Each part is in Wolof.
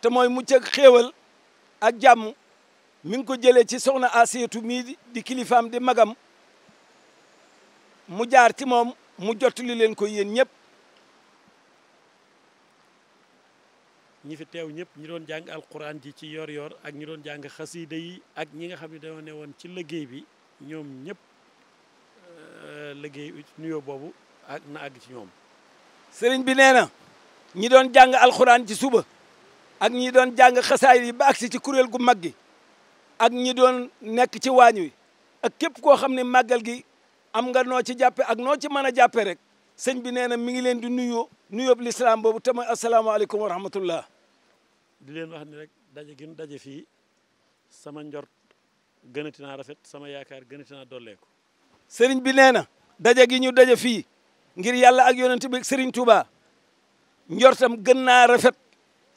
te mooy mu ak xéewal ak jàmm mi ngi ko jëlee ci soxna Asiyatu mii di kilifaam di magam mu jaar ci moom mu jottali leen ko yéen ñëpp. ñi fi teew ñëpp ñi doon jàng alquran ji ci yoor yor ak ñi doon jàng xasiida yi ak ñi nga xam ne dañoo woon ci liggéey bi ñoom ñëpp euh, liggéey nuyoo boobu ak na àgg ci ñoom. sëriñ bi nee na ñi doon jàng alquran ci suba. ak ñi doon jàng xasaay yi ba ci kuréel gu mag gi ak ñi doon nekk ci waañ wi ak képp koo xam ne màggal gi am nga noo ci jàppe ak noo ci mën a jàppe rek sëñ bi nee na mi ngi leen di nuyoo nuyoob lislaam boobu te mooy asalaamaaleykum wa rahmatullah di leen wax ni rek daje gi daje fii sama njort gënati naa rafet sama yaakaar gënati naa dolleeku sëriñ bi nee na daje gi ñu daje fii ngir yàlla ak yonent bi sëriñ Touba njortam gën naa rafet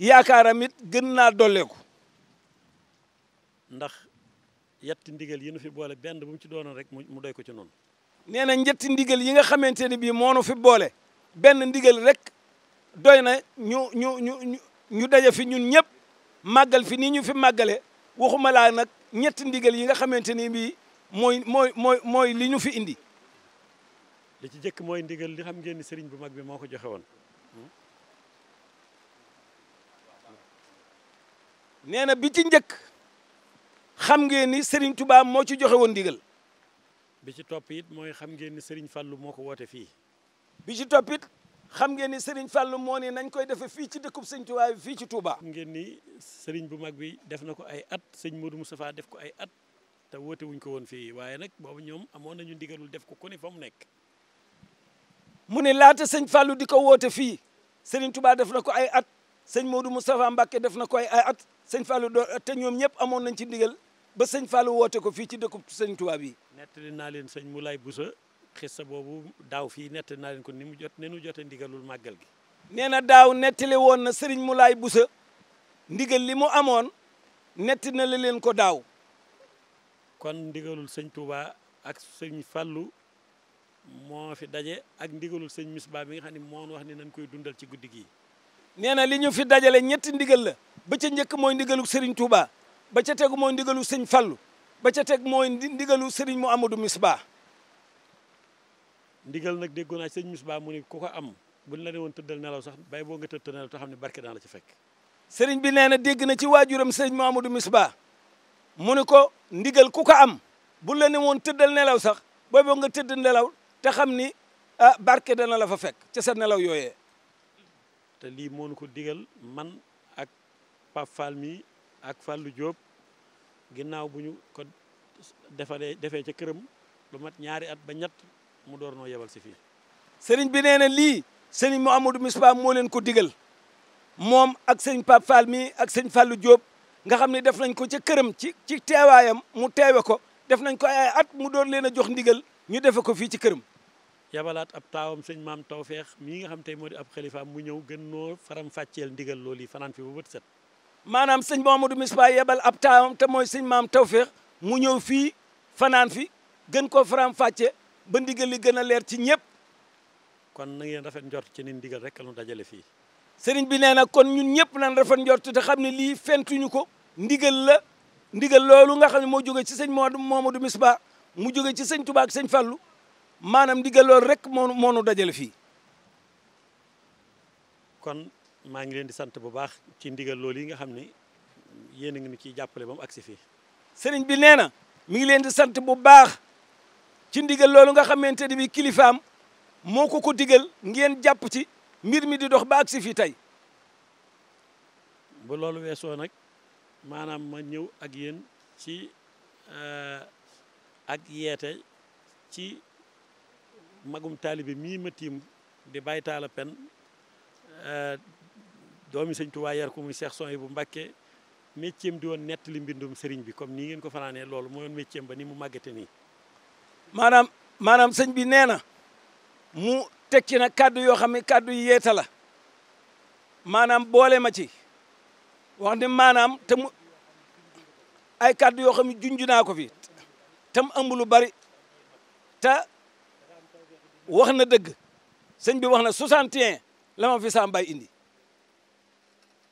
yaakaaram it gën naa dolleeku ndax yetti ndigal yi nu fi boole benn bu mu ci doonoon rek mu doy ko ci noonu. nee na ñetti ndigal yi nga xamante ne bii moo nu fi boole benn ndigal rek doy na ñu ñu ñu ñu daje fi ñun ñëpp màggal fi nii ñu fi màggale waxuma laa nag ñetti ndigal yi nga xamante ni bii mooy mooy mooy mooy li ñu fi indi. li ci jëkk mooy ndigal li xam ngeen sëriñ bu mag bi moo ko joxe woon. nee na bi ci njëkk xam ngeen ni Serigne Touba moo ci joxe woon ndigal. bi ci topp it mooy xam ngeen ni Serigne Fallou moo ko woote fii. bi ci topp it xam ngeen ni Serigne Fallou moo ni nañ koy defe fii ci dëkkub Serigne Touba fii ngeen ni Serigne bu mag bi def na ko ay at sëñ Modou Moustapha def ko ay at te woote ko woon fii waaye nag boobu ñoom amoon nañu ndigalul def ko ku ne nekk. mu ne laata sëñ Fallou di ko woote fii Serigne Touba def na ko ay at sëñ Modou Moustapha Mbacke def na ko ay at. sëñ Fallou doo te ñoom ñëpp amoon nañ ci ndigal ba sëñ Fallou woote ko fii ci dëkkub sëñ Touba bi. nettali naa leen sëñ Moulay Boussa xissa boobu daaw fii nettali naa leen ko ni mu jot ni nu jote ndigalul màggal gi. nee na daaw nettali woon na sëriñ Moulay busa ndigal li mu amoon netti na leen ko daaw. kon ndigalul sëñ Touba ak sëñ Fallou moo fi daje ak ndigalul sëñ Misbaa bi nga xam ne moo wax ni nañ koy dundal ci guddi gi. nee na li ñu fi dajale ñetti ndigal la ba ca njëkk mooy ndigalu Serigne Touba ba ca tegu mooy ndigalu Sëñ Fallu ba ca teg mooy ndigalu Serigne mu Amadou Misbaa ndigal nag déggoo naa Sëñ Misbaa mu ne ku am buñ la ne woon tëddal nelaw sax bay boo nga tëdd nelaw te xam ne barke daa fekk. Serigne bi nee na dégg na ci waajuram Sëñ mu Amadou Misbaa mu ne ko ndigal ku ko am buñ la ne woon tëddal nelaw sax bay boo nga tëdd nelaw te xam ni ah barke dana la fa fekk ca sa nelaw yooye te lii moon ko digal man ak Pape Fall mi ak fallu jóob ginnaaw bu ñu ko defalee defee ca këram lu mat ñaari at ba mu door noo yebal si fii. sëriñ bi nee na lii sëriñ Mouhamadou Misbah moo leen ko digal moom ak sëriñ Pape Fall mi ak sëriñ Fallou jóob nga xam ne def nañ ko ca këram ci ci teewaayam mu teewe ko def nañ ko ay at mu door leen a jox ndigal ñu defe ko fii ci këram. yabalaat ab taawam sëñ maam tawfeex mii nga xam tey moo di ab xalifaam mu ñëw gën noo faram fàcceel ndigal loolu yi fanaan fi ba bët set maanaam sëñ Mamadou Mispa yebal ab taawam te mooy sëñ maam tawfeex mu ñëw fii fanaan fi gën koo faram fàcce li gën a leer ci ñëpp kon na ngeen rafet njort ci ni ndigal dajale fii sëriñ bi nee na kon ñun ñëpp nan rafet njort te xam ne lii fentuñu ko ndigal la ndigal loolu nga xam ne moo jóge ci sëñ Mamadou Mispa mu jóge ci sëñ Tuubaa ak sëñ Fallu maanaam ndigal loolu rek moo moo nu dajale fii. kon maa ngi leen di sant bu baax ci ndigal loolu yi nga xam ni yéen a ngi ciy jàppale ba mu agsi fii. sëriñ bi nee na mi ngi leen di sant bu baax ci ndigal loolu nga xamante ni bi kilifaam moo ko ko digal ngeen jàpp ci mbir mi di dox ba agsi fii tey. bu loolu weesoo nag maanaam ma ñëw ak yéen ci euh, ak yeete ci. magum taalibe mii ma tiim di bàyyi taala pen euh, doomi sëñ Tuubaa yar ko muy Seex Son yi bu mbakkee métier di woon nettali mbindum sëriñ bi comme nii ngeen ko fanaanee loolu mooy woon métier ba ni mu màggate nii. maanaam maanaam sëñ bi nee na mu teg ci nag kàddu yoo xam ne kàddu yi yeeta la maanaam boole ma ci wax ne maanaam te mu ay kàddu yoo xam ne junj naa ko fi tam ëmb lu bari te wax na dëgg sëñ bi wax na 61 la lama fi Samba indi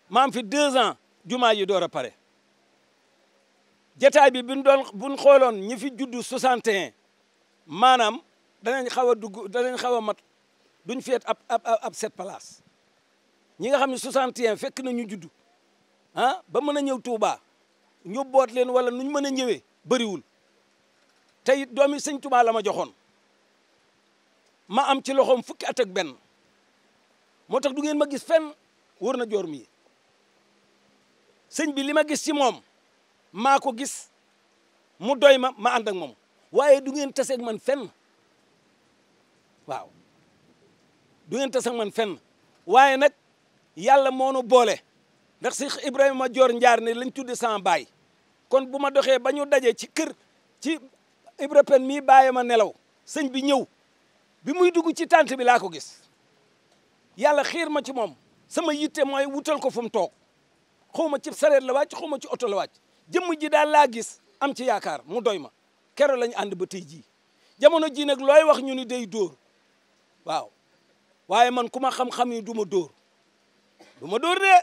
ma am fi deux ans jumaa yi door a pare jataay bi buñ doon buñ xooloon ñi fi juddu 61 maanaam danañ xaw a dugg danañ xaw a mat duñ feet ab ab ab sept place ñi nga xam ne 61 fekk na ñu juddu ah ba mën a ñëw Touba ñu boot leen wala nuñ mën a ñëwee bëriwul tey doomi sëñ Touba la ma joxoon ma am ci loxoom fukki at ak benn moo tax du ngeen ma gis fenn wër na joor mi sëñ bi li ma gis ci moom maa ko gis mu doy ma ma ànd moom waaye du ngeen taseeg man fenn waaw du ngeen taseeg man fenn waaye nag yàlla moo nu boole ndax Cheikh Ibrahima joor njaar ne lañ tudde sama baay kon bu ma doxee ba ñu daje ci kër ci Ibrahima mii baaye ma nelaw sëñ bi ñëw bi muy dugg ci tànt bi laa ko gis yàlla xiir ma ci moom sama yitte mooy wutal ko fu mu toog xaw ma ci sareet la wàcc xaw ma ci oto la wàcc jëmm ji daal laa gis am ci yaakaar mu doy ma kero lañ ànd ba tey ji jamono jii nag looy wax ñu ni day dóor waaw waaye man ku ma xam-xam yi du ma dóor du ma dóor de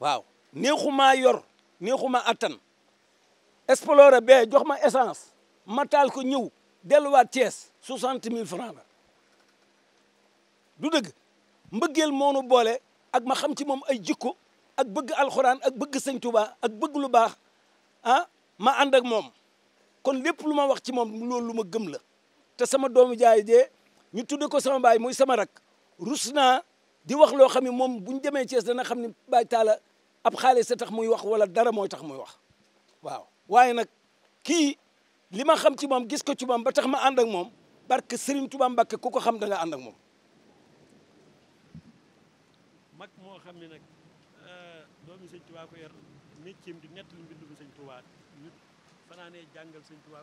waaw neexumaa yor ma attan explorer bee jox ma essence ma taal ko ñëw delluwaat Thiès soixante mille francs la du dëgg mbëggeel moonu boole ak ma xam ci moom ay jikko ak bëgg alxuraan ak bëgg sëñ Touba ak bëgg lu baax ah ma ànd ak moom kon lépp lu ma wax ci moom loolu lu ma gëm la te sama doomu jaay jee ñu tudde ko sama baay muy sama rak rus naa di wax loo xam ne moom bu ñu demee Thiès dana xam ne Baye Talla ab xaalis sa tax muy wax wala dara mooy tax muy wax waaw waaye nag kii li ma xam ci moom gis ko ci moom ba tax ma ànd ak moom barke Serigne Touba Mbakke ku ko xam da nga ànd ak moom. mag moo xam ne nag euh, doomi Sëñ Touba ko yar métier di nettali mbindum Sëñ Touba ñu fanaanee jàngal Sëñ Touba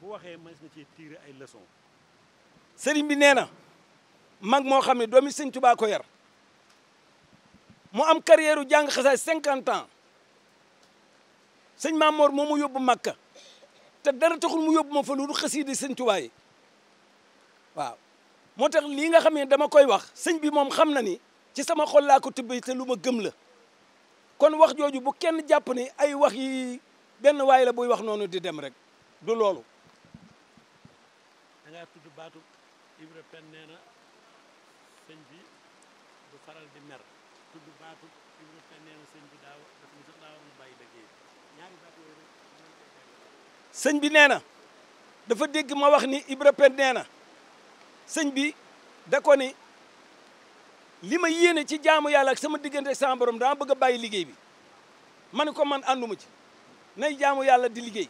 bu waxee mës na cee ay leçons. Serigne bi nee na mag moo xam ne doomi Sëñ Touba yar mu am carrière jàng xasaay cinquante ans sëñ Mamoor moo mu yóbbu Makka. te dara taxul mu yóbbu ma fa loolu xasida sëñ Tuubaa yi waaw moo tax lii nga xam ne dama koy wax sëñ bi moom xam na ni ci sama xol laa ko tibbee te lu ma gëm la kon wax jooju bu kenn jàpp ni ay wax yi benn waay la buy wax noonu di dem rek du loolu da baatu Ibra Pen na sëñ faral di mer tudd sëñ bi nee na dafa dégg ma wax ni Ibra Pène nee na sëñ bi da ko ni li ma yéene ci jaamu yàlla ak sama diggante ak sama borom dama bëgg a bàyyi liggéey bi ma ne ko man ànduma ci nay jaamu yàlla di liggéey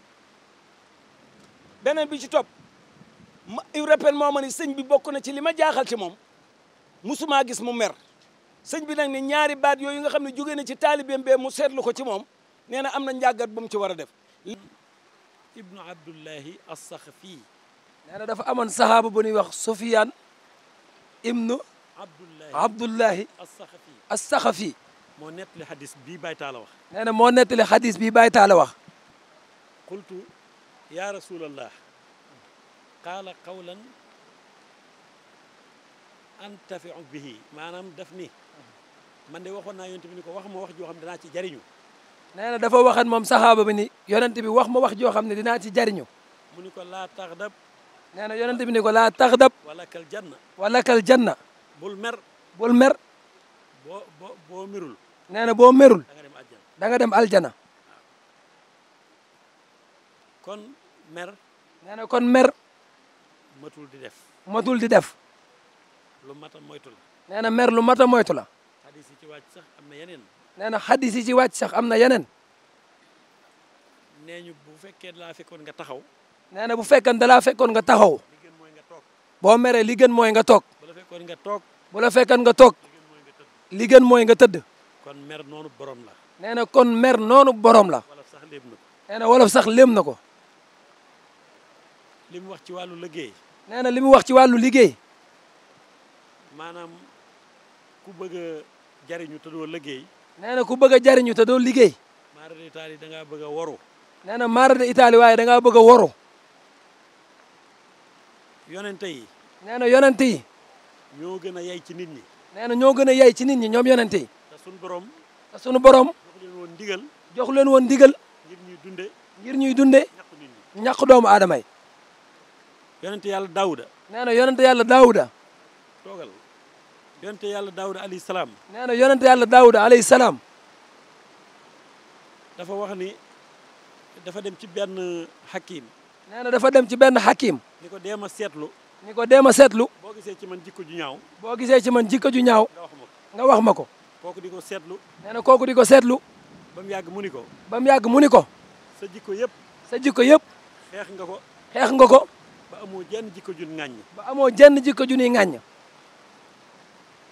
beneen bi ci topp ma Ibra Pène ma ni sëñ bi bokk na ci li ma jaaxal ci moom musumaa gis mu mer sëñ bi nag ne ñaari baat yooyu nga xam ne jóge na ci taalibeem bee mu seetlu ko ci moom nee na am na njàggat bu mu ci war a def ibnu abdullahi assaxafi nee na dafa amoon saxaaba bu ñuy wax sufiyaan ibnu abdullahi assaxafi moo nettali xadis bii Baay Taala wax nee na moo nettali xadis bii Baay Taala wax qultu ya rasulallah qaala qawlan antafiu bihi maanaam daf ni man de waxoon naa yonent bi ni ko wax ma wax joo xam danaa ci jariñu nee na dafa waxat moom saxaaba bi ni yonent bi wax ma wax joo xam ne dinaa ci jariñu mu ni ko laa taxdab nee na yonent bi ni ko laa taxdab wala kal janna wala kal janna bul mer bul mer boo merul nee na boo merul da nga dem aljana kon mer nee na kon mer matul di def matul di def lu mata moytu nee na mer lu mata moytu la hadis ci wàcc sax am yeneen nee na xadis ci wàcc sax am na yeneen. nee ñu bu fekkee da laa fekkoon nga taxaw. nee na bu fekkee da fekkoon nga taxaw. li mooy nga toog. boo meree li gën mooy nga toog. bu la fekkoon nga toog. bu la nga toog. li gën mooy nga tëdd. kon mer noonu borom la. nee na kon mer noonu borom la. wolof sax léem na ko. na wolof sax léem na ko. li mu wax ci wàllu liggéey. nee na li mu wax ci wàllu liggéey. maanaam ku bëgg jariñu te liggéey. nee na ku bëgg a jariñu te doo liggéey. maara de Italie da ngaa bëgg a waru. nee na maara de Italie waaye da ngaa bëgg a waru. yonente yi. na yonente yi. ñoo gën a yay ci nit ñi. nee na ñoo gën a yay ci nit ñi ñoom yonente yi. te sunu borom. te jox leen woon ndigal. jox ngir ñuy dunde. ngir doomu aadama yi. yonente yàlla Daawuda. nee na yàlla Daawuda. toogal. yonente yàlla daawuda alayhi salaam nee na yonente yàlla daawuda alayhi salaam dafa wax ni dafa dem ci benn hakim nee na dafa dem ci benn hakim ni ko deema seetlu ni ko deema seetlu boo gisee ci man jikko ju ñaaw boo gisee ci man jikko ju ñaaw nga wax ma ko kooku di ko seetlu nee na kooku di ko seetlu ba mu yàgg mu ni ko ba mu yàgg mu ni ko sa jikko yépp sa jikko yépp xeex nga ko xeex nga ko ba amoo jenn jikko jun ŋàññ ba amoo jenn jikko juni ŋàññ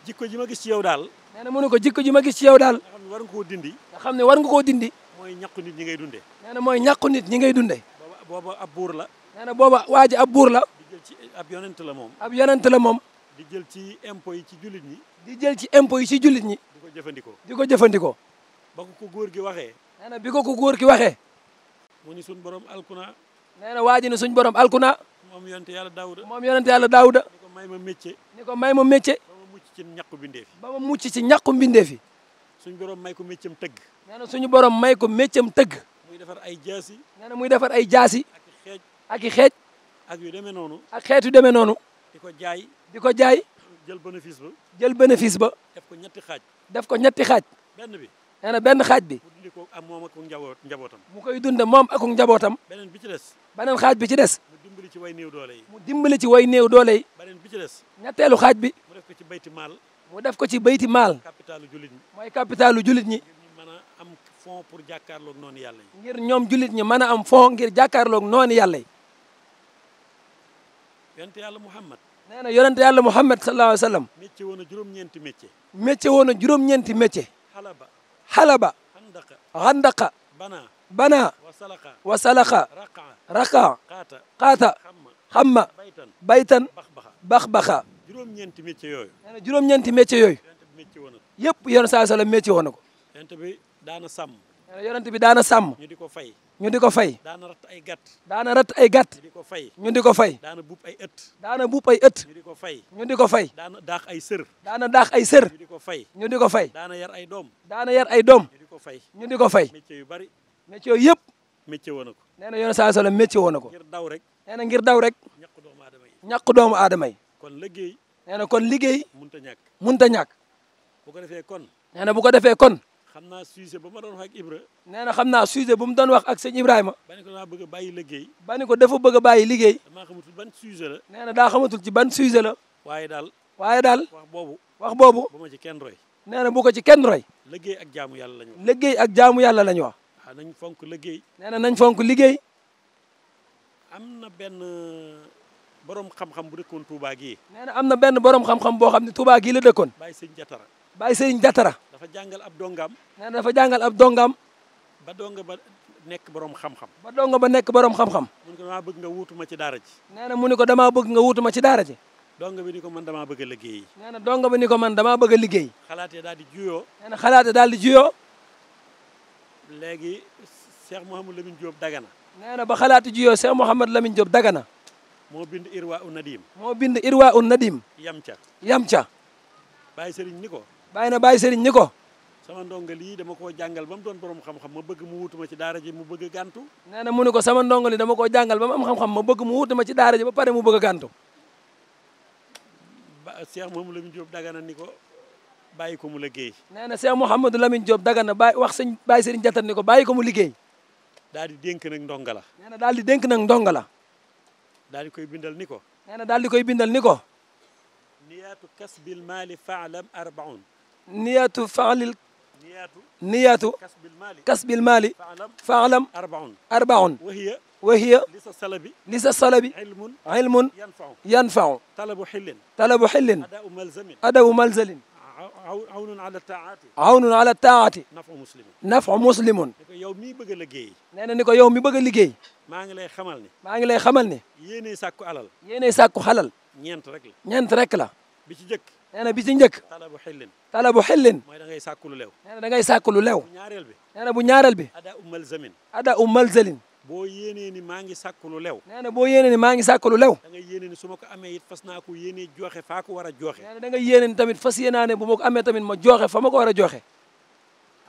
jikko ji ma gis ci yow daal nee na mënu ko jikko ji ma gis ci yow daal nga xam koo dindi xam ne war nga koo dindi mooy ñàkku nit ñi ngay dunde nee na mooy ñàkku nit ñi ngay dunde booba ab buur la na booba waa ji ab la ci ab yonent la moom ab yonent la di jël ci impôt yi ci jullit ñi di jël ci impôt yi ci jullit ñi di ko jëfandikoo di ko jëfandikoo ba ko góor gi waxee nee na bi ko ko góor gi waxee mu ni suñ borom alkuna nee na waa ji suñ borom alkuna moom yonent yàlla daawuda moom yonent yàlla daawuda ni ko may ma métier ni ko may ma métier ci ñàkku mbindéef yi. ba ma mucc ci ñàkku mbindéef yi. suñu borom may ku méccam tëgg. nee suñu borom may ko méccam tëgg. muy defar ay jaasi. nee na muy defar ay jaasi. ak i xeej ak i xeej. ak yu demee noonu. ak xeetu demee noonu. di ko jaay. di ko jaay. jël bénéfice ba. jël bénéfice ba. def ko ñetti xaaj. def ko ñetti xaaj. benn bi. nee benn xaaj bi. mu dundee ko ak moom ak njabootam. mu koy dundee moom ak njabootam. beneen bi ci des. beneen xaaj bi ci des. dimbali ci way néew mu dimbali ci way new doole yi. beneen bi ci des. ñetteelu xaaj bi. mu def ko ci bayti maal. mu def ko ci bayti maal. capitalu jullit ñi. mooy capitalu jullit ñi. am fond pour jàkkaarloog noonu yàlla yi. ñoom julit ñi mën a am fond ngir jàkkaarloog noonu yàlla yi. yonente yàlla Muhammad. nee na yonente yàlla Muhammad sallallahu alayhi wa sallam. woon na juróom-ñeenti métier. métier woon na juróom-ñeenti métier. xalaba xalaba. xandaqa bana wa salaka salaqa raqa qaata xamma baytan baxbaxa juróom-ñeenti métier yooyu nee na juróom-ñeenti métier yooyu yëpp yoon saa sala woon na ko yonent bi daana sàmm yonent bi daana sàmm. ñu di ko fay. ñu di ko fay. daana ratt ay gàtt. daana ay gàtt. ñu di ko fay. ñu di ko fay. daana buub ay ët daana buub ay ëtt. ñu di ko fay. ñu di ko fay. daana daax ay sër. daana daax ay sër. ñu di ko fay. ñu di ko fay. daana yar ay doom. daana yar ay doom. di ko fay. ñu di ko fay. métier yu bari. métier yooyu yëpp. métier woon na ko. nee na yoon saa solo métier woon ko. ngir daw rek. nee na ngir daw rek. ñàkk doomu adamay yi. doomu aadama kon liggéey. nee na kon liggéey. munta ñàkk munta ñàkk. bu ko defee kon. nee na bu ko defee kon xam naa sujet ba ma doon wax ak Ibra. nee na xam naa sujet bu mu doon wax ak sëñ Ibrahima. ba ni ko daa bëgg a bàyyi liggéey. ba ni ko dafa bëgg a bàyyi liggéey. damaa xamatul ban sujet la. nee na daa xamatul ci ban sujet la. waaye daal. waaye daal wax boobu. wax boobu. bu ma ci kenn roy. nee na bu ko ci kenn roy. liggéey ak jaamu yàlla lañu wax. liggéey ak jaamu yàlla lañu wax. waaw ah, nañ fonk liggéey. nee na nañ fonk liggéey. am na benn borom xam-xam bu dëkkoon Touba gii. nee na am na benn borom xam-xam boo xam ne Touba gii la dëkkoon. bàyyi sëñ Jatara Baye Serigne Diatara. dafa jàngal ab dongam. nee na dafa jàngal ab dongam. ba donga ba nekk borom xam-xam. ba donga ba nekk borom xam-xam. mu ne ko damaa bëgg nga wuutuma ci daara ji. nee na mu ne ko damaa bëgg nga wuutuma ci daara ji. donga bi ni ko man damaa bëgg a liggéey. nee na donga bi ni ko man damaa bëgg a liggéey. xalaatee daal di juyoo. nee na xalaatee daal di juyoo. léegi Cheikh Mouhamadou Lamine Diop Dagana. nee na ba xalaati juyoo Cheikh Mouhamadou Lamine Diop Dagana. moo bind Irwa un Nadim. moo bind Irwa un Nadim. yam ca yam ca. Baye Serigne ni ko. bàyyi na bàyyi sëriñ ni ko sama ndongo lii dama koo jàngal ba doon borom xam-xam ma bëgg mu wutuma ci daara ji mu bëgg gàntu nee na mu ni ko sama ndongo lii dama ko jàngal ba mu am xam-xam ma bëgg mu wutuma ci daara ji ba pare mu bëgg gàntu mu Cheikh Mouhamadou Lamine Diop dagana ni ko bàyyi ko mu liggéey nee na Cheikh Mouhamadou Lamine Diop dagana bàyyi wax sëñ bàyyi sëriñ jattan ko bàyyi ko mu liggéey daal dénk nag ndonga la nee na daal di dénk nag ndonga la daal di koy bindal ni ko nee na daal di koy bindal ni ko niyaatu kasbil maali faalam arbaun niyaatu faalil niyaatu kasbil maali faalam arbaun wa hiya lisa salabi ilmun yanfau talabu xillin adabu malzalin awnun ala taati nafu muslimun nee na ni ko yow mi bëgg a liggéey maa ngi lay xamal ni maa ngi lay xamal ni yéenay sàkku alal yéenay sàkku xalal ñeent rek la ñeent rek la bi ci jëkk nee bi ci njëkk. talabu xillin. talabu xillin. mooy da ngay sàkku lu lew. nee na da ngay sàkku lu bu ñaarel bi. nee na bu ñaareel bi. ada ummal zamin. ada ummal zalin. boo yéenee ni maa ngi sàkku lu lew. nee na boo yéenee ni maa ngi sàkku lu lew. da nga yéenee ni su ma ko amee it fas naa ko yéenee jooxe faa a jooxe. nee da nga yéenee tamit fas yéenaa bu ma ko amee tamit ma jooxe fa ma ko war a jooxe.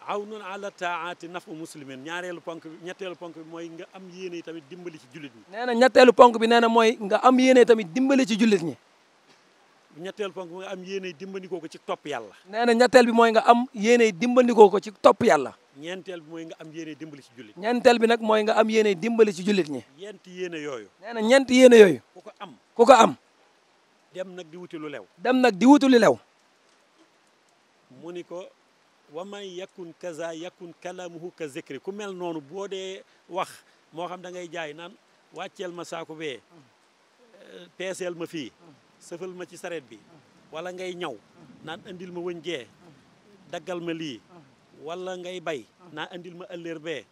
awnun ala taati nafu muslimin ñaareelu ponk bi ñetteelu ponk bi mooy nga am yéene tamit dimbali ci jullit ñi. nee na ñetteelu ponk bi nee na mooy nga am yéene tamit dimbali ci jullit ñi. ñetteel ponk bi nga am yéenay dimbandikoo ko ci topp yàlla nee na ñetteel bi mooy nga am yéenay dimbandikoo ko ci topp yàlla ñeenteel bi mooy nga am yéenay dimbali ci jullit ñeenteel bi nag mooy nga am yéenay dimbali ci jullit ñi ñeenti yéene yooyu nee na ñeenti yéene yooyu ku ko am ku ko am dem nag di wuti lu lew dem nag di wuti lu lew mu ni ko wa may yakun kaza yakun kalaamuhu ka zikri ku mel noonu boo dee wax moo xam da ngay jaay naan wàcceel ma saako bee mm. peeseel ma fii mm. sëfal ma ci sareet bi wala ngay ñaw naan indil ma wëñ gee daggal ma lii wala ngay bay naa indil ma ëllër bee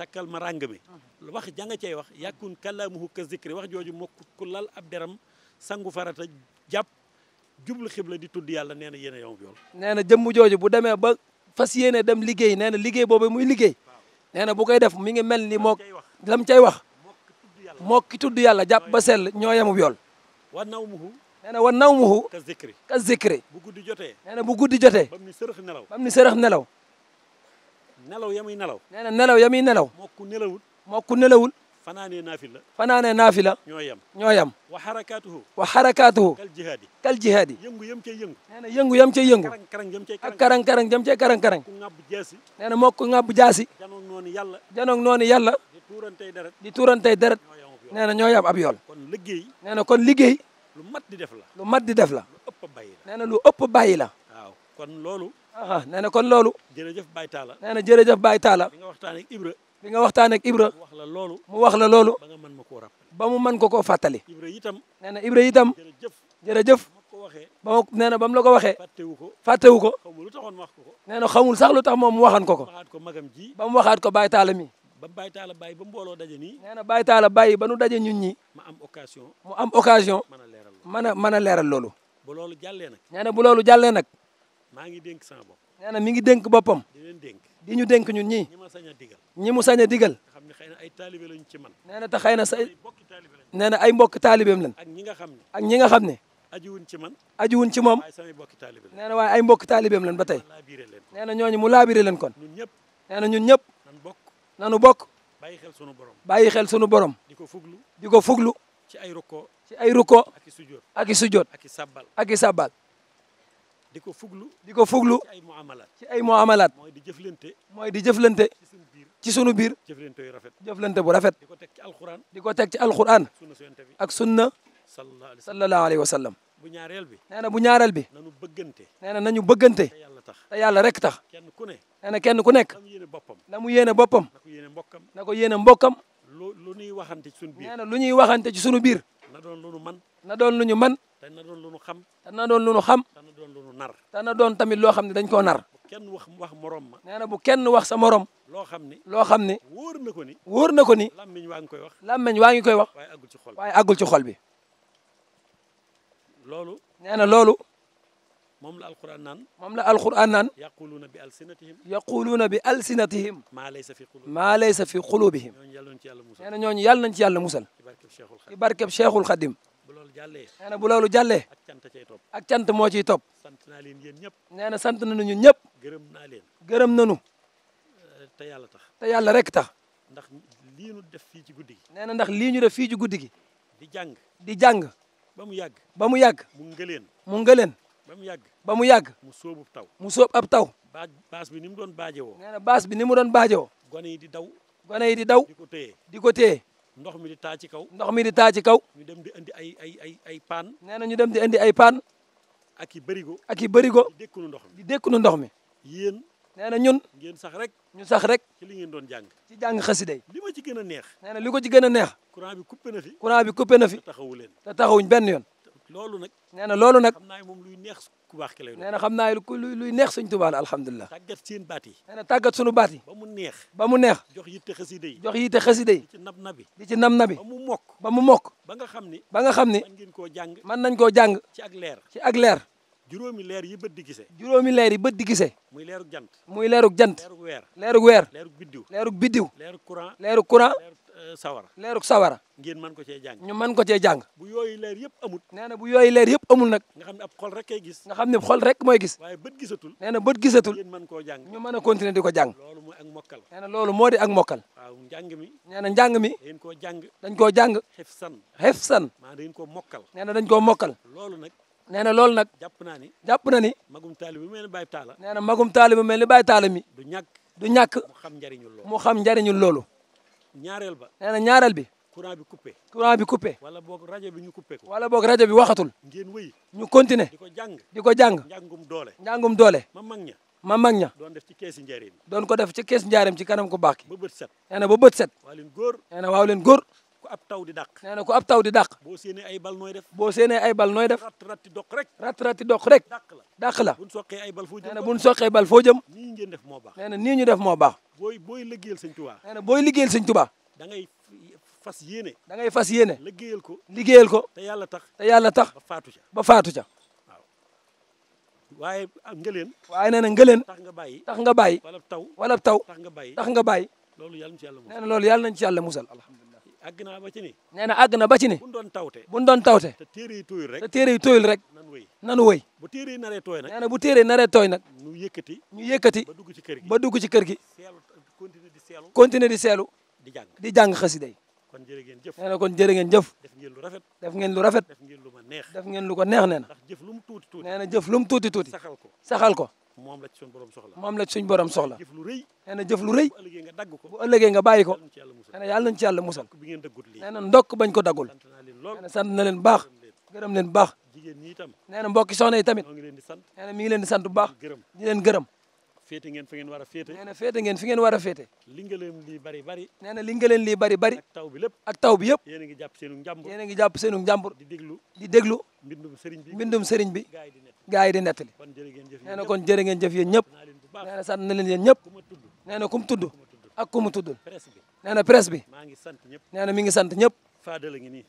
takkal ma ràng mi wax ja nga cay wax yàkkun kalaamuhu ka zikri wax jooju mokk ku lal ab deram sangu farata jàpp jublu xibla di tudd yàlla nee na yéen a yow jool nee na jëmm jooju bu demee ba fas yéene dem liggéey nee na liggéey boobu muy liggéey nee na bu koy def mi ngi mel ni mook lam cay wax mokki tudd yàlla jàpp ba sel ñoo yemub yool nee na wa nawmuhu ka zikri ka zikri bu guddi jotee nee na bu guddi jotee bam ni sërëx nelaw bam ni sërëx nelaw nelaw ya muy nelaw nee na nelaw ya muy nelaw moo ku nelawul moo ku nelawul fanaanee naafila fanaanee naafila ñoo yem ñoo yem wa xarakaatuhu wa xarakaatuhu kal jihaadi kal jihaadi yëngu yam cay yëngu nee na yëngu yam cay yëngu karang yam cay ak karang karang yam cay karang karang ku ŋàbb jaasi nee na moo ku ŋàbb jaasi janoog noonu yàlla janoog noonu yàlla di tuurantey deret di tuurantey deret nee na ñoo yem ab yool kon liggéey nee lu mat di def la. lu di def la. lu ëpp bàyyi la nee la. waaw kon loolu. ah nee na kon loolu. jërëjëf Baye Talla. nee na jërëjëf Baye Talla. bi nga waxtaan ak Ibra. bi nga waxtaan ak Ibra. mu wax la loolu. mu wax la loolu. ba nga mën ma koo rappelé. ba mu man ko koo fàttali. Ibra itam. nee na Ibra itam. jërëjëf jërëjëf. ba ma nee na ba mu la ko waxee. fàttewu ko fàttewu ko. xamul lu taxoon wax ko ko. na xamul sax lu tax moom mu waxan ko ko. waxaat ko magam ji. ba mu waxaat ko Baye Talla mi. ba Baye Talla bàyyi ba mbooloo daje nii. nee na Baye Talla bàyyi ba nu daje ñun ñi. ma am occasion. mu am occasion. mën a mën a leeral loolu. bu loolu jàllee nag. nee na bu loolu jàllee nag. maa ngi dénk sama bopp. nee na mi ngi dénk boppam. di leen dénk. di ñu dénk ñun ñii. ñi ma sañ digal. ñi mu sañ digal. xam ne xëy na ay taalibe lañ ci man. nee na te xëy na say. nee na ay mbokk taalibeem lañ. ak ñi nga xam ne. ak ñi nga xam ne. ajiwuñ ci man. ajiwuñ ci moom. nee na waaye ay mbokk taalibeem lañ ba tey. nee na ñooñu mu laabiré leen kon. nee na ñun ñëpp. nanu bokk. bàyyi xel sunu borom. bàyyi xel sunu borom. di ko fuglu. di ko fuglu. ci ay roko ci ay ruko ak i sujjoot ak i sujjoot sabbal di ko fuglu di ko fuglu ci ay muamalat ci ay muamalat mooy di jëflante mooy di jëflante ci sunu biir ci yu rafet jëflante bu rafet di ko teg ci alquran di ko teg ci alquran ak sunna sallallahu alayhi wa sallam bu ñaareel bi nee bu ñaareel bi nañu bëggante nee na nañu bëggante te yàlla tax yàlla rek tax kenn ku ne nee kenn ku nekk na mu yéene boppam na ko yéene mbokkam na ko yéene mbokkam lu ñuy waxante ci sunu biir nee na lu ñuy waxante ci sunu biir na doon lu nu man na doon lu ñu man te lu nu xam te na doon lu nu xam te doon lu nu nar te na doon tamit loo xam ne dañ koo nar bu kenn wax wax morom ma nee na bu kenn wax sa morom loo xam ni loo xam ni wóor na ko ni wóor na ko ni làmmiñ waa ngi koy wax làmmiñ waa ngi koy wax waaye àggul ci xol waaye àggul ci xol bi loolu nee loolu moom la alquran naan moom la alquran naan yaquluuna bi alsinatihim yaquluuna bi alsinatihim maa laysa fi qulubihim maa laysa fi qulubihim nee na ñooñu yàlla nañ ci yàlla musal ci barkeb cheikhul xadim bu loolu jàllee nee na bu loolu ak cant cay topp ak cant moo ciy topp sant naa leen yéen ñëpp nee na sant nañu ñun ñëpp naa leen gërëm nañu eh, te yàlla tax te yàlla rek tax ndax lii ñu def fii ci guddi gi na ndax lii ñu def fii ci guddi gi di jàng di jàng ba mu yàgg ba mu yàgg mu ngëleen mu ba mu yàgg ba mu yàgg. mu sóobu taw mu sóob ab taw. baaj baas bi ni mu doon baaje woo. nee na baas bi ni mu doon baaje woo. gone yi di daw. gone yi di daw di ko téye di ko ndox mi di taa ci kaw. ndox mi di taa ci kaw. ñu dem di andi ay ay ay ay paan. nee na ñu dem di andi ay paan. ak i bërigo. ak i bërigo. di dékkunu ndox mi di dékkunu ndox mi. yéen. nee na ñun. ngeen sax rek. ñu sax rek. ci li ngeen doon jàng. ci jàng xasida yi. li ma ci gën a neex. nee na li ko ci gën a neex. courant bi coupé na fi. courant bi coupé na fi. te taxawu leen te taxawuñ benn yoon. loolu nag nee na loolu nag xam naa moom luy neex ku baax ki lay nee na xam naa luy neex suñ Tuubaa la alhamdulilah tàggat seen baat yi nee na tàggat suñu baat yi ba mu neex ba mu neex jox yitte xasida yi jox yitte xasida yi di ci nab nabi di ci nab nabi ba mu mokk ba mu mokk ba nga xam ni ba nga xam ni mën ngeen koo jàng mën nañ koo jàng ci ak leer ci ak leer juróomi leer yi bët di gisee juróomi leer yi bët di gisee muy leeruk jant muy leeruk jant leeruk weer leer weer leeruk biddiw leeruk biddiw leeruk courant Euh, sawara leeruk sawara ngeen mën ko cee jàng ñu mën ko cee jàng bu yooyu leer yëpp amul nee na bu yooyu leer yëpp amul nag nga xam ne ab xol rek kay gis nga xam ne xol rek mooy gis waaye bët gisatul nee na bët gisatul ngeen mën koo jàng ñu mën a continuer di ko jàng loolu mooy ak mokkal nee na loolu moo di ak mokkal waaw njàng mi nee na njàng mi dañ koo jàng dañ koo jàng xefsan xefsan maa dañ koo mokkal nee na dañ koo mokkal loolu nag nee na loolu nag jàpp naa ni jàpp na ni magum taalibe mel ni Baye Taala nee na magum taalibe mel ni Baye Taala mi du ñàkk du ñàkk mu xam njariñul loolu mu xam njariñul loolu ñaareel ba nee na bi courant bi kuppe courant bi coupé wala boog rajo bi ñu coupé ko wala boog rajo bi waxatul ngeen wëy ñu continuer di ko jàng di ko jàng njàngum doole njàngum doole ma mag ña ma mag ña doon def ci kees njaareem doon ko def ci kees njaareem ci kanam ko baax ki ba bët set nee na ba bët set góor nee na waaw ku ab taw di dàq. nee na ku ab taw di dàq. boo séenee ay bal nooy def. boo séenee ay bal nooy def. ratti rek. rat ratti doq rek. dàq la dàq la. bu ñu soqee ay bal foo jëm. nee na bu ñu soqee bal foo jëm. nii ngeen def moo baax. nee na nii ñu def moo baax. booy booy liggéeyal sëñ Tuubaa. nee na booy liggéeyal sëñ fas yéene. da ngay fas yéene. liggéeyal ko. liggéeyal ko. te yàlla tax te yàlla tax. ba faatu ca ba faatu ca. waaye ngëleen waaye nee na ngëleen tax nga bàyyi tax nga bàyyi wala taw wala taw tax nga bàyyi tax nga bàyyi loolu yàlla nañ ci yàlla musal nee na loolu yàlla nañ ci àgg naa ba ci ni nee na àgg na ba ci ni doon tawte bu doon tawte te téere yi tooyul rek te téere yi tooyul rek nan wëy bu téere yi naree tooy nag nee na bu téere yi naree tooy nag ñu yëkkati ñu yëkkati ba dugg ci kër gi ba dugg ci kër gi seelu continuer di seelu continuer di seelu di jàng di jàng xasida yi kon jërë ngeen jëf jërë ngeen jëf def ngeen lu rafet def ngeen lu rafet def ngeen lu ma neex def ngeen lu ko neex nee na ndax jëf lu mu tuuti mu tuuti tuuti saxal ko saxal ko moom la ci suñ borom soxla moom la ci suñ borom soxla lu rëy nee nga dagg ko bu ëllëgee nga bàyyi ko nee na yàlla nañ ci yàlla musal bi ngeen dëggul lii nee na ndokk bañ ko daggul nee sant na leen baax gërëm leen baax jigéen ñi itam ngi leen di sant bu baax di gërëm féete ngeen ngeen fi ngeen war a féete li li bari bari ak taw bi lépp ak ngi jàpp seenu njàmbur di déglu mbindum sëriñ bi mbindum di nettali nee kon jërë ngeen jëf yéen ñëpp nee na sant na leen yéen ñëpp nee na ku mu tudd ak ku mu tuddul nee na ngi sant ñëpp Fadala ngi nii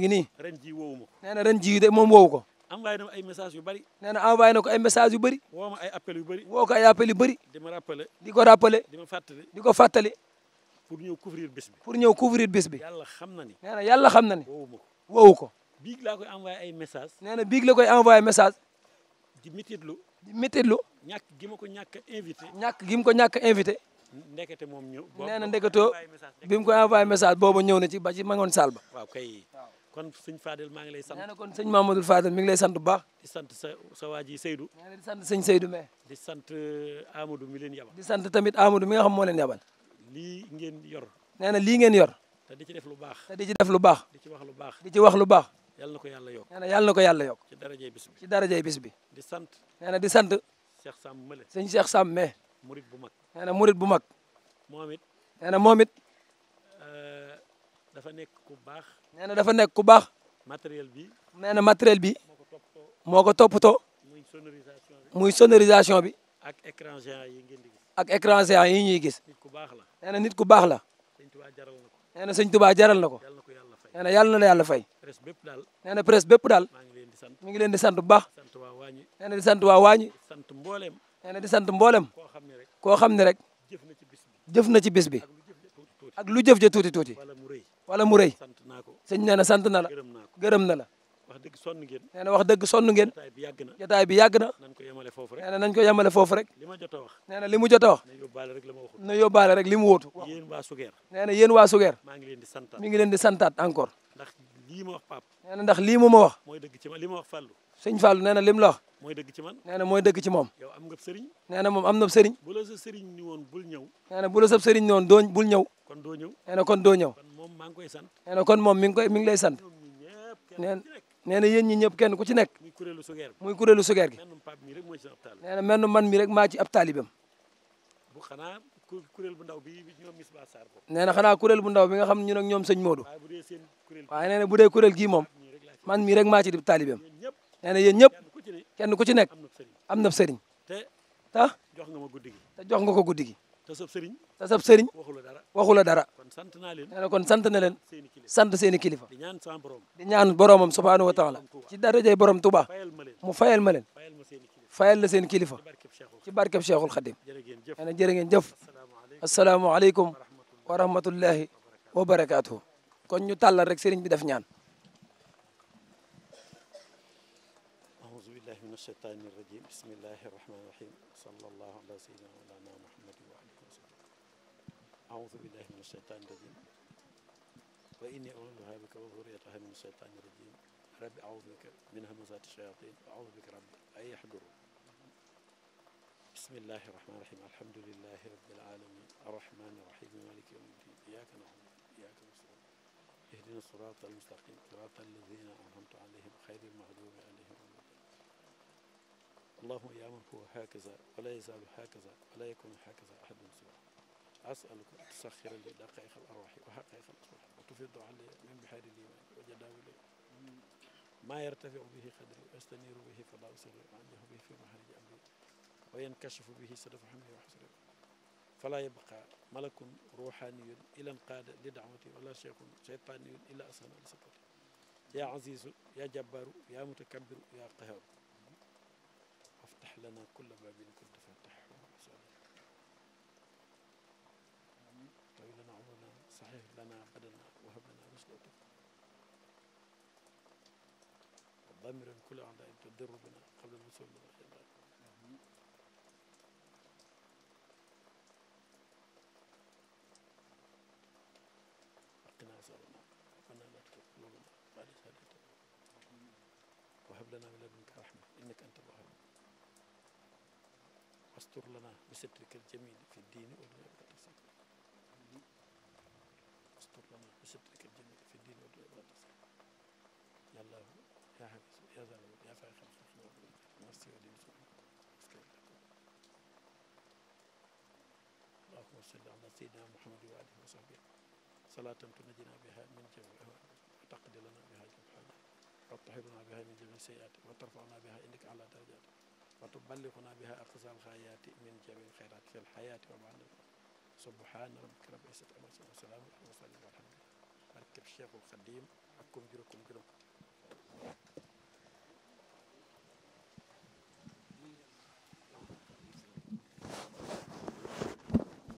ngi nii ren ren ji de moom ko envoyé na ma ay message yu bëri nee na envoyé na ko ay message yu bëri woo ma ay appel yu bëri woo ko ay appel yu bëri di ma rappelé di ko rappelé di ma fàttali di ko fàttali pour ñëw couvrir bés bi pour ñëw couvrir bés bi yàlla xam na ni nee yàlla xam na ni ko woowu ko biig laa koy ay message nee na biig la koy envoyé message di métitlu di métitlu ñàkk gi ko ñàkk invité ñàkk gi mu ko ñàkk invité moom ñëw nee na ndeketoo bi mu ko envoyé message boobu ñëw na ci ba ma ngoon saal kon sëñ Fadel maa ngi lay sant nee kon sëñ Mamadou Fadel mi ngi lay sant baax di sant sa sa waa ji Seydou nee na di sant sëñ Seydou di sant eh, Amadou mi leen yabal di sant tamit Amadou mi nga xam moo leen ngeen yor nee na lii ngeen yor di ci def lu baax di ci def lu baax di ci wax lu baax di ci wax lu baax yàlla na ko yàlla yokk na yàlla ko yàlla yokk ci darajey bis bi ci darajey bis bi di sant nee di sant Cheikh Sam Mbale sëñ Cheikh Sam mais murit bu mag nee murit bu mag moom it nee dafa nekk ku baax. nee na dafa nekk ku baax. matériel bi. nee na matériel bi moo ko toppatoo. muy sonorisation muy sonorisation bi. ak écran géant ngeen di ak écran géant yi ñuy gis. nit ku baax la nee na nit ku baax la. sëñ Tuubaa jaral na ko. nee na sëñ Tuubaa jaral na ko. nee na yàlla na la yàlla fay. presse bépp daal. nee na presse maa ngi leen di sant mi ngi leen di sant bu baax. sant waa waañi. nee di sant waa waañi. sant mboolem. nee na sant mboolem. koo xam ne rek. koo xam ne rek. jëf na ci bis bi. jëf na ci bis bi. ak lu jëf ja tuuti tuuti. wala mu rëy sant naa ko sëñ nee sant na la gërëm na la wax dëgg sonn ngeen nee na wax dëgg sonn ngeen jotaay bi yàgg na jotaay bi na nañ ko yemale foofu rek nee na nañ ko ma jot a wax nee na li mu jot wax na yóbbaale rek la ma waxut na yóbbaale rek li mu wóotu yéen waa Sugeer nee na yéen waa ngi leen di santaat mi ngi leen di santaat encore lii ma wax Pape. nee na ndax lii mu ma wax. mooy dëgg ci man li ma wax Fallou. sëñ lim la wax. mooy dëgg ci moom. yow moom am na sëriñ. bu la ni woon bul ñëw. nee kon doo ñëw. nee na kon moom maa ngi koy sant. nee na kon mi ngi mi ngi lay sant. nee na nee na yéen ñi ñëpp kenn ku ci nekk. muy kuréelu sugeer gi muy kuréelu sugeer gi. nee na man man mi rek maa ab taalibam kuréel bu ndaw bi ñoom Misbah Sarr boobu. nee na xanaa kuréel bu ndaw bi nga xam ne ñun ñoom sëñ Modou. waaye nee na bu gii moom man mii rek di taalibeem. nee na yéen ñëpp kenn am na sëriñ. te jox nga ko guddi gi. te sab sëriñ. te la dara. kon sant naa leen nee na kon sant na leen sant seeni kilifa. di ñaan sama borom. di ñaan boromam subhaanahu wa taala ci borom Touba mu fayal ma leen. la seen kilifa ci barkeb Cheikhul Khadim nee na jërë asalaamualeykum wa rahmatullahi wa barakaatuhu kon ñu tàllal rek sëriñ bi def ñaan auzu billahi min ashaytaani rajim bismillahi rahmaani rahim sallallahu ala sayyidina wa mawlana muhammadin wa alihi wa sallam auzu billahi min ashaytaani rajim wa inni a'uuzu bika wa dhurriyyataha min ashaytaani rajim rabbi a'uuzu bika min hamazati shayatin wa a'uuzu bika rabbi an yahdurun bismillahi rahmaani rahim alhamdulilahi rabbil alamin arrahmaani rahim maliki yawmi ddin iyyaka na'budu wa iyyaka nasta'in ihdina siraatal mustaqim siraatal lazina an'amta alayhim ghayril maghdubi alayhim wa lad-dallin allahumma ya man huwa hakaza wa la yazalu hakaza wa la yakunu hakaza ahadun siwak as'aluka an tusakhkhira li daqaa'iqa al-arwaahi wa haqaa'iqa al-aswaah wa tufiddu alayya min bihaari al-iimaan wa jadaawi maa yartafi'u bihi qadrii wa yastaniiru bihi fadaa'u sirrii wa anjahu bihi fii mahaariji amrii wa yankashifu bihi sadafu hamli wa xasri fala yabqa malakun ruuxaaniyun ila nqaada li daawati wala cheikhun cheytaaniyun ila asana li sakati yaa azizu yaa jabbaaru yaa mutakabbiru yaa qahaaru aftax lana kulla baabin kunta fataxhu tawi lana umrana saxih lana badana wa hab lana rusdata ضامرا كل أعداء تضر بنا قبل الوصول لنا lana min ladunka rahma innaka anta al-wahhab wastur lana bi sitrika al-jamil fi diini wa dunya bila tasal wastur lana bi sitrika al-jamil fi diini wa dunya bila tasal yàlla yaa xafiis yaa zal wal yaa faaxi nafsi wa diini allahumma salli ala sayyidina muhammad wa alihi wa sahbihi salaatan tunajjina biha min jami'il ahwal wa taqdi lana biha وتطهرنا بها من جميع السيئات وترفعنا بها عندك على درجات وتبلغنا بها أقصى الغايات من جميع الخيرات في الحياة وبعد سبحان ربك رب العزة عما يصفون وسلام على المرسلين والحمد لله barkeb Cheikhul Xadim ak kum juróom kum juróom